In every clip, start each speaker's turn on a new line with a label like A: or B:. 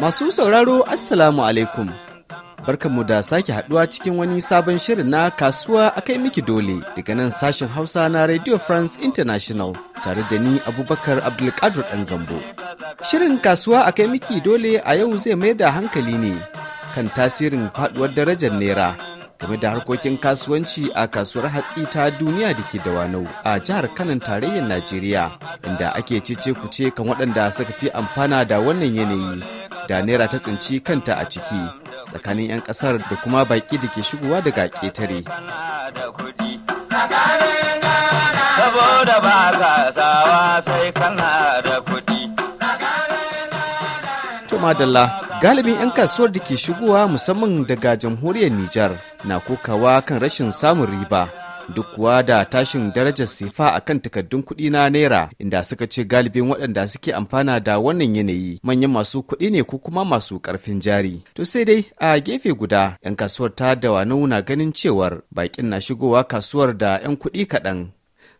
A: Masu sauraro Assalamu alaikum. mu da sake haduwa cikin wani sabon shirin na kasuwa akai miki dole daga nan sashen Hausa na Radio France International tare da ni Abubakar Abdulkadir ɗan gambo. Shirin kasuwa akai miki dole a yau zai mai da hankali ne kan tasirin faduwar darajar Naira game da harkokin kasuwanci a kasuwar hatsi ta duniya da ke da wanau a jihar kanan tarayyar najeriya inda ake cece kuce kan waɗanda suka fi amfana da wannan yanayi da naira ta tsinci kanta a ciki tsakanin 'yan ƙasar da kuma baƙi da ke shigowa daga ƙetare
B: saboda ba ka sai kana da kuɗi
A: madalla galibin 'yan kasuwar da ke shigowa musamman daga jamhuriyar Nijar na kokawa kan rashin samun riba duk kuwa da tashin darajar sifa a kan takardun kuɗi na naira inda suka ce galibin waɗanda suke amfana da wannan yanayi manyan masu kuɗi ne ko kuma masu ƙarfin jari to sai dai a gefe guda 'yan kasuwar ta dawanau na ganin cewar baƙin na shigowa kasuwar da 'yan kuɗi kaɗan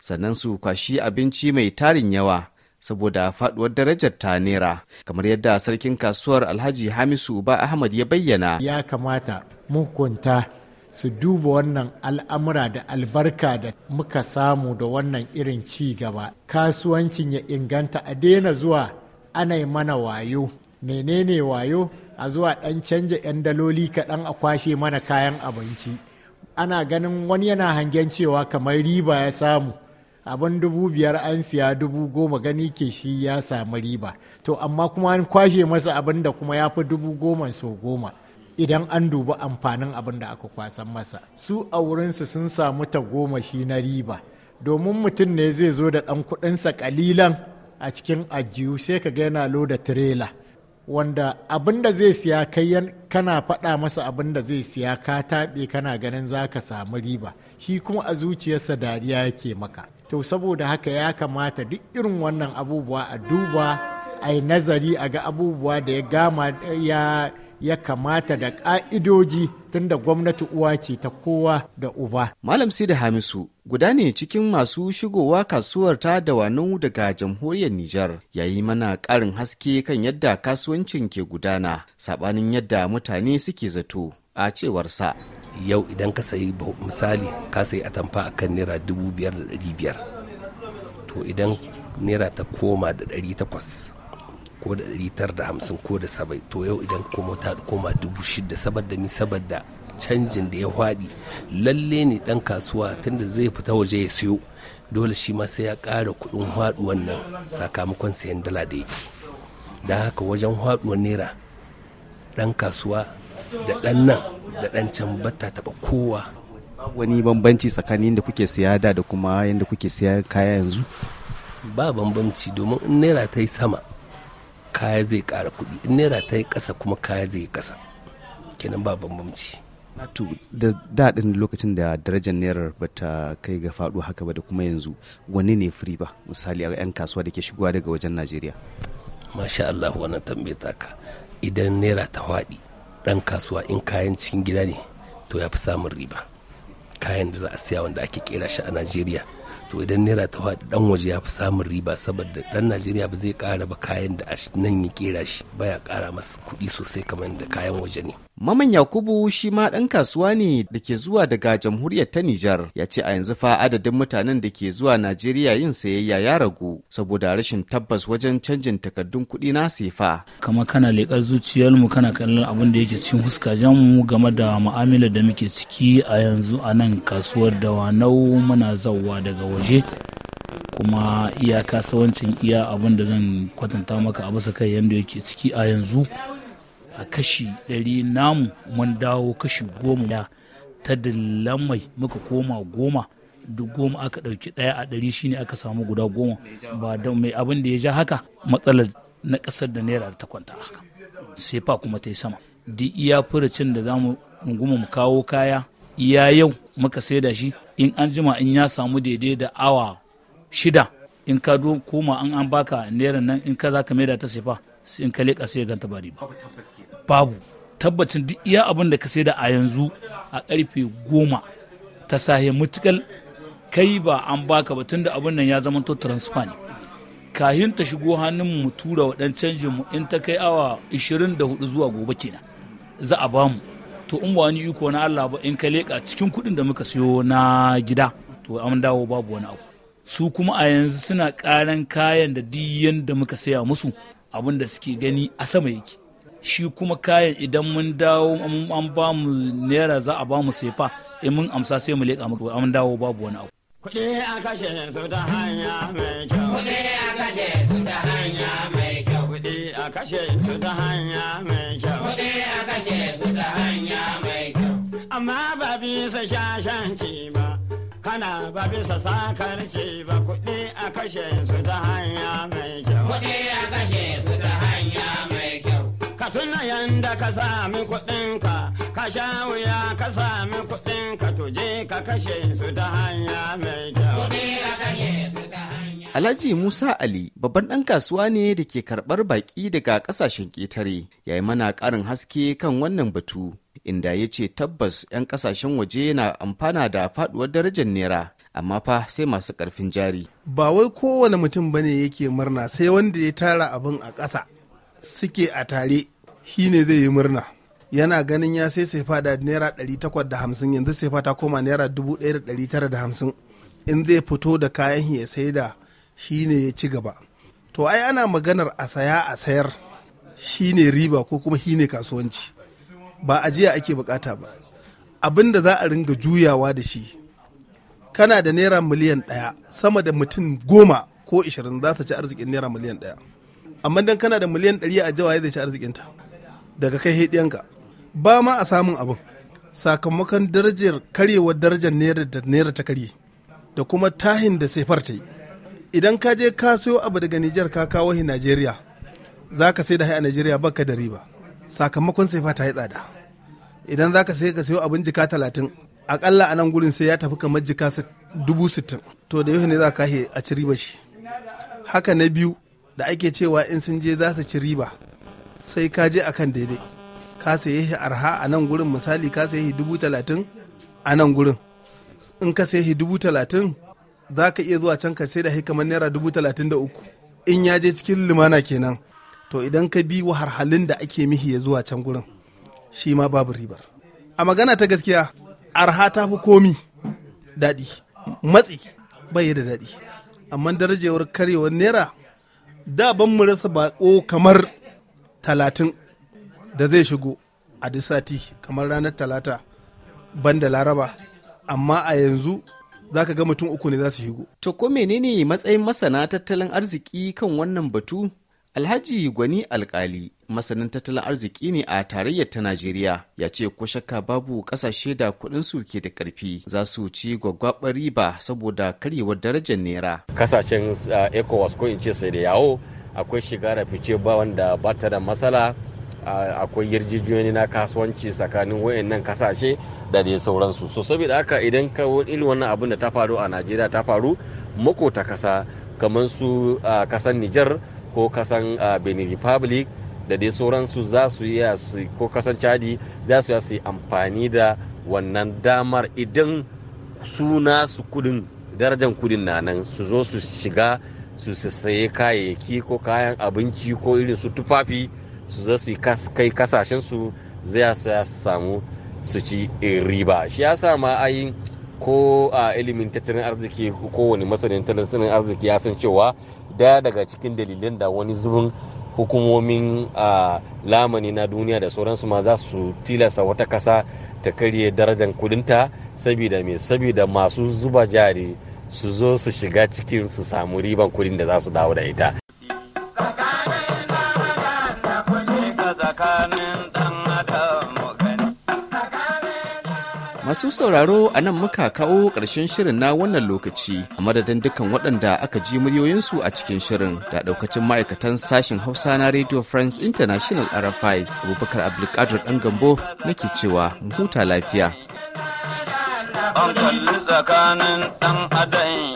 A: sannan su kwashi abinci mai tarin yawa saboda faduwar darajar ta nera. kamar yadda sarkin kasuwar alhaji hamisu ba ahmad ya bayyana ya
C: kamata mukunta su duba wannan al'amura da albarka da muka samu da wannan irin ci gaba kasuwancin ya inganta a daina zuwa ana yi mana wayo menene wayo a zuwa ɗan canja 'yan daloli kaɗan a kwashe mana kayan abinci ana ganin wani yana hangen cewa kamar riba ya samu abin dubu biyar an siya dubu goma gani ke shi ya samu riba to amma kuma an kwashe masa abin da kuma ya fi dubu goma so goma idan an dubi amfanin abin da aka kwasan masa su a wurinsu sun samu ta goma shi na riba domin mutum ne zai zo da ɗan kuɗinsa ƙalilan a cikin ajiyu sai ka ga yana loda tirela wanda abin da zai siya kai kana faɗa masa abin da zai siya ka taɓe kana ganin za ka samu riba shi kuma a zuciyarsa dariya yake maka to saboda haka ya kamata duk irin wannan abubuwa a duba a yi nazari a ga abubuwa da ya gama ya ya kamata da ƙa'idoji tun da gwamnati uwa ce ta kowa da uba. Malam Sida
A: Hamisu guda ne cikin masu shigowa kasuwar ta da wanu daga jamhuriyar Nijar yayi mana ƙarin haske kan yadda kasuwancin ke gudana saɓanin yadda mutane suke zato a cewarsa. yau idan ka sayi misali ka sayi atamfa a kan naira
D: dubu biyar da dari biyar to idan naira ta koma da dari takwas ko da dari tara da hamsin ko da sabai to yau idan kuma ta koma dubu shida saboda ni saboda canjin da ya faɗi lalle ne dan kasuwa tunda zai fita waje ya siyo dole shi ma sai ya ƙara kuɗin haɗuwan nan sakamakon sayan dala da yake don haka wajen haɗuwan naira ɗan kasuwa da ɗan nan da ɗan can bata taɓa kowa
A: wani bambanci tsakanin yadda kuke siya da da kuma yadda kuke siya kaya yanzu ba
D: bambanci domin in naira ta yi sama kaya zai ƙara kuɗi in naira ta yi ƙasa kuma kaya zai yi ƙasa kenan ba bambanci
A: to da daɗin lokacin da darajar naira ba ta kai ga faɗo haka ba da kuma yanzu wani ne firi ba misali a 'yan kasuwa da ke shigowa daga wajen najeriya
D: masha Allah wannan tambaye taka idan naira ta faɗi ɗan kasuwa in kayan cikin gida ne to ya fi samun riba kayan da za a siya wanda ake kera shi a najeriya to idan naira ta faɗi ɗan waje ya fi samun riba saboda ɗan najeriya ba zai ƙara ba kayan da nan ya kera shi baya ƙara masa kuɗi sosai kamar da kayan waje ne
A: Maman Yakubu shi ma ɗan kasuwa ne da ke zuwa daga jamhuriyar ta Nijar ya ce a yanzu fa adadin mutanen da ke zuwa Najeriya yin sayayya ya ragu saboda rashin tabbas wajen canjin takardun kuɗi na sefa.
E: Kama kana leƙar zuciyarmu kana kallon abin da yake cikin huskajen mu game da mu'amala da muke ciki a yanzu a nan kasuwar da dawanau muna zauwa daga waje kuma iya kasuwancin iya abin da zan kwatanta maka a bisa kai yadda yake ciki a yanzu a kashi ɗari namu mun dawo kashi goma ta dillan mai muka koma goma duk goma aka ɗauki ɗaya a ɗari shine aka samu guda goma ba da mai abin da ya ja haka matsalar na ƙasar da naira ta kwanta haka sai fa kuma ta yi sama duk iya furucin da za mu mu kawo kaya iya yau muka saida shi in an jima in ya samu daidai da awa shida in ka koma an an baka naira nan in ka za ka maida ta sefa sai in ka kasa sai ganta ba ba babu tabbacin duk iya abin da ka sai da a yanzu a karfe goma ta sahe mutukal kai ba an baka ba tunda abin nan ya zama to transfer ne kahin ta shigo hannun mu tura waɗan canjin mu in ta kai awa 24 zuwa gobe kenan za a bamu to in ba wani iko na Allah ba in ka cikin kuɗin da muka siyo na gida to an dawo babu wani abu su kuma a yanzu suna karan kayan da duk yanda muka saya musu abin da suke gani a sama yake shi kuma kayan idan mun dawo an ba mu naira za a ba mu sefa in mun amsa sai mu leƙa muku an dawo babu wani abu
B: kuɗi a kashe su ta hanya mai kyau kuɗi a kashe su ta hanya mai kyau kuɗi a kashe su ta hanya mai kyau kuɗi a kashe su ta hanya mai kyau amma ba bisa shashanci ba kana ba bisa ce ba kuɗi a kashe su ta hanya mai kyau. Kuɗi a kashe su ta hanya mai kyau. Ka tuna yanda ka sami kuɗinka, ka sha wuya ka sami kuɗinka tuje ka kashe su ta hanya mai kyau. Kuɗi a kashe su ta
A: hanya. Alhaji Musa Ali babban ɗan kasuwa ne da ke karɓar baƙi daga ƙasashen ƙetare, yayi mana ƙarin haske kan wannan batu. inda ya ce tabbas 'yan kasashen waje na amfana da faduwar darajar naira amma fa sai masu karfin jari
F: ba wai kowane mutum bane yake murna sai wanda ya tara abin a ƙasa suke a tare shi ne zai yi murna yana ganin ya sai sai fada naira 850 yanzu sai fata koma naira 1950 in zai fito da kayan ya sai da shi ne ya ci gaba to ai ana maganar a saya a sayar shi ne riba ko kuma shi ne kasuwanci ba ajiya ake bukata ba abin da za a ringa juyawa da shi kana da naira miliyan ɗaya sama da mutum goma ko ishirin za ta ci arzikin naira miliyan ɗaya amma dan kana da miliyan ɗari a ya zai ci arzikin ta daga kai hediyanka ba ma a samun abin sakamakon darajar karyewar darajar naira da naira ta karye da kuma tahin da sefar ta yi idan ka je ka sayo abu daga nijar ka kawo hi najeriya za ka sai da hai a najeriya baka da riba sakamakon sai fata ya yi tsada idan za ka sai ka sayo abin jika talatin akalla a nan gurin sai ya tafi kamar jika dubu sittin to da yau ne za ka a ci riba shi haka na biyu da ake cewa in sun je za su ci riba sai ka je akan daidai ka saye shi arha a nan gurin misali ka saye shi dubu talatin a nan gurin in ka saye shi dubu talatin za ka iya zuwa can ka sai da shi kamar naira dubu talatin da uku in ya je cikin limana kenan to idan ka bi wa harhalin da ake mihi ya zuwa can gurin shi ma babu ribar a magana ta gaskiya arha ta fi komi daɗi matsi bai da daɗi amma darajewar karyewar naira da ban mu rasa baƙo kamar talatin da zai shigo a duk sati kamar ranar talata ban da laraba amma a yanzu za ka ga mutum uku ne za su shigo.
A: To ko menene matsayin masana tattalin arziki kan wannan batu Alhaji Gwani Alkali masanin tattalin arziki ne a tarayyar ta Najeriya ya ce ko shakka babu kasashe da kuɗin su ke da ƙarfi za su ci gwaggwabar riba saboda
B: karyewar darajar nera. Kasashen uh, ECOWAS ko in ce sai da yawo akwai shiga da fice ba wanda ba ta da matsala uh, akwai yarjejiyoyi na kasuwanci tsakanin wayannan kasashe da dai sauransu so saboda haka idan ka wani wannan abin da ta faru a najeriya ta faru makota kasa kamar su uh, kasan nijar ko kasan ah, benin republic da dai sauransu za su yi ko kasan chadi za su yi amfani da wannan damar idan suna su kudin darajan kudin na nan su zo su shiga su saye kayayyaki ko kayan abinci ko irin su tufafi su zo su kai kasashensu su zai su samu su ci eh, riba shi ya sa ma ayi ko a ah, ilimin tattalin arziki ko wani masanin tattalin arziki ya san cewa daya daga cikin dalilin da wani zubin hukumomin a lamani na duniya da sauransu ma za su tilasta wata kasa ta karye darajar kudinta saboda mai saboda masu zuba jari su zo su shiga cikin su samu riban kudin da za su dawo da ita
A: Masu sauraro a nan muka kawo ƙarshen shirin na wannan lokaci a madadin dukkan waɗanda aka ji muryoyinsu a cikin shirin da ɗaukacin ma'aikatan sashen Hausa na Radio France International RFI Abubakar Abdulkadir ɗan gambo nake cewa in huta lafiya.
B: tsakanin ɗan adam